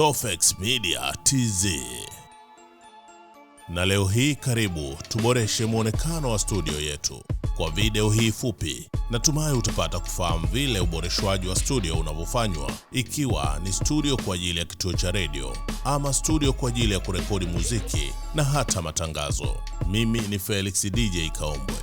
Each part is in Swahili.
Sofex Media TZ. Na leo hii karibu tuboreshe mwonekano wa studio yetu kwa video hii fupi. Natumai utapata kufahamu vile uboreshwaji wa studio unavyofanywa, ikiwa ni studio kwa ajili ya kituo cha redio ama studio kwa ajili ya kurekodi muziki na hata matangazo. Mimi ni Felix DJ Kaombwe.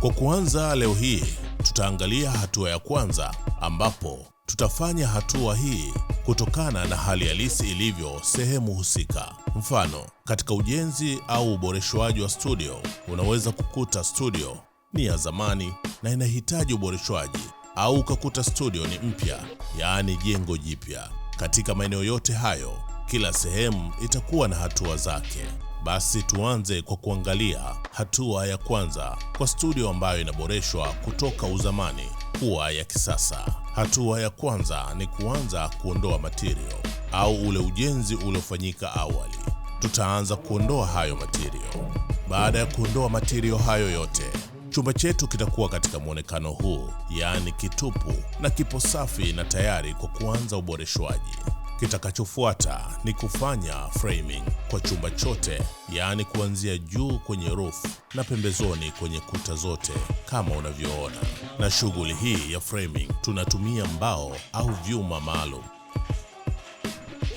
Kwa kuanza leo hii tutaangalia hatua ya kwanza ambapo Tutafanya hatua hii kutokana na hali halisi ilivyo sehemu husika. Mfano, katika ujenzi au uboreshwaji wa studio, unaweza kukuta studio ni ya zamani na inahitaji uboreshwaji, au ukakuta studio ni mpya, yaani jengo jipya. Katika maeneo yote hayo, kila sehemu itakuwa na hatua zake. Basi tuanze kwa kuangalia hatua ya kwanza kwa studio ambayo inaboreshwa kutoka uzamani kuwa ya kisasa. Hatua ya kwanza ni kuanza kuondoa material au ule ujenzi uliofanyika awali. Tutaanza kuondoa hayo material. Baada ya kuondoa material hayo yote, chumba chetu kitakuwa katika mwonekano huu, yaani kitupu na kipo safi na tayari kwa kuanza uboreshwaji. Kitakachofuata ni kufanya framing kwa chumba chote, yaani kuanzia juu kwenye roof na pembezoni kwenye kuta zote kama unavyoona. Na shughuli hii ya framing tunatumia mbao au vyuma maalum.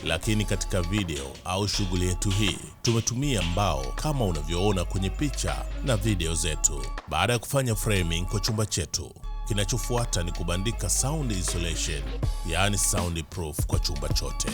Lakini katika video au shughuli yetu hii tumetumia mbao kama unavyoona kwenye picha na video zetu. Baada ya kufanya framing kwa chumba chetu Kinachofuata ni kubandika sound insulation, yaani sound proof kwa chumba chote.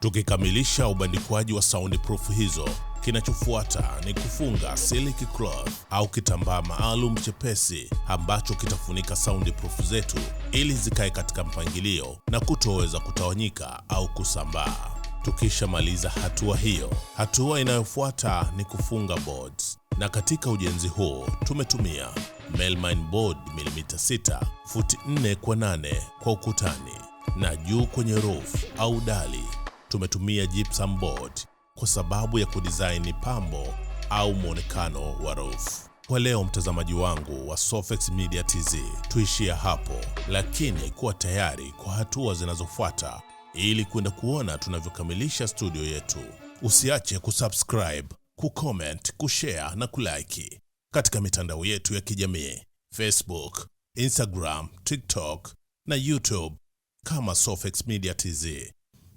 Tukikamilisha ubandikwaji wa sound proof hizo, kinachofuata ni kufunga silk cloth au kitambaa maalum chepesi ambacho kitafunika sound proof zetu ili zikae katika mpangilio na kutoweza kutawanyika au kusambaa. Tukishamaliza hatua hiyo, hatua inayofuata ni kufunga boards na katika ujenzi huo tumetumia melamine board milimita 6 futi 4 kwa 8 kwa ukutani, na juu kwenye roof au dali tumetumia gypsum board kwa sababu ya kudizaini pambo au mwonekano wa roof. Kwa leo mtazamaji wangu wa Sofex Media TZ, tuishia hapo, lakini kuwa tayari kwa hatua zinazofuata ili kwenda kuona tunavyokamilisha studio yetu. Usiache kusubscribe kucomment, kushare na kulike katika mitandao yetu ya kijamii Facebook, Instagram, TikTok na YouTube kama Sofex Media TZ,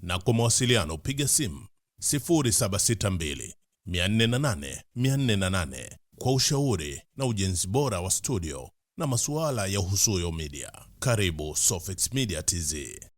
na kwa mawasiliano piga simu 0762 408 kwa ushauri na ujenzi bora wa studio na masuala ya uhusuyo media. Karibu Sofex Media TZ.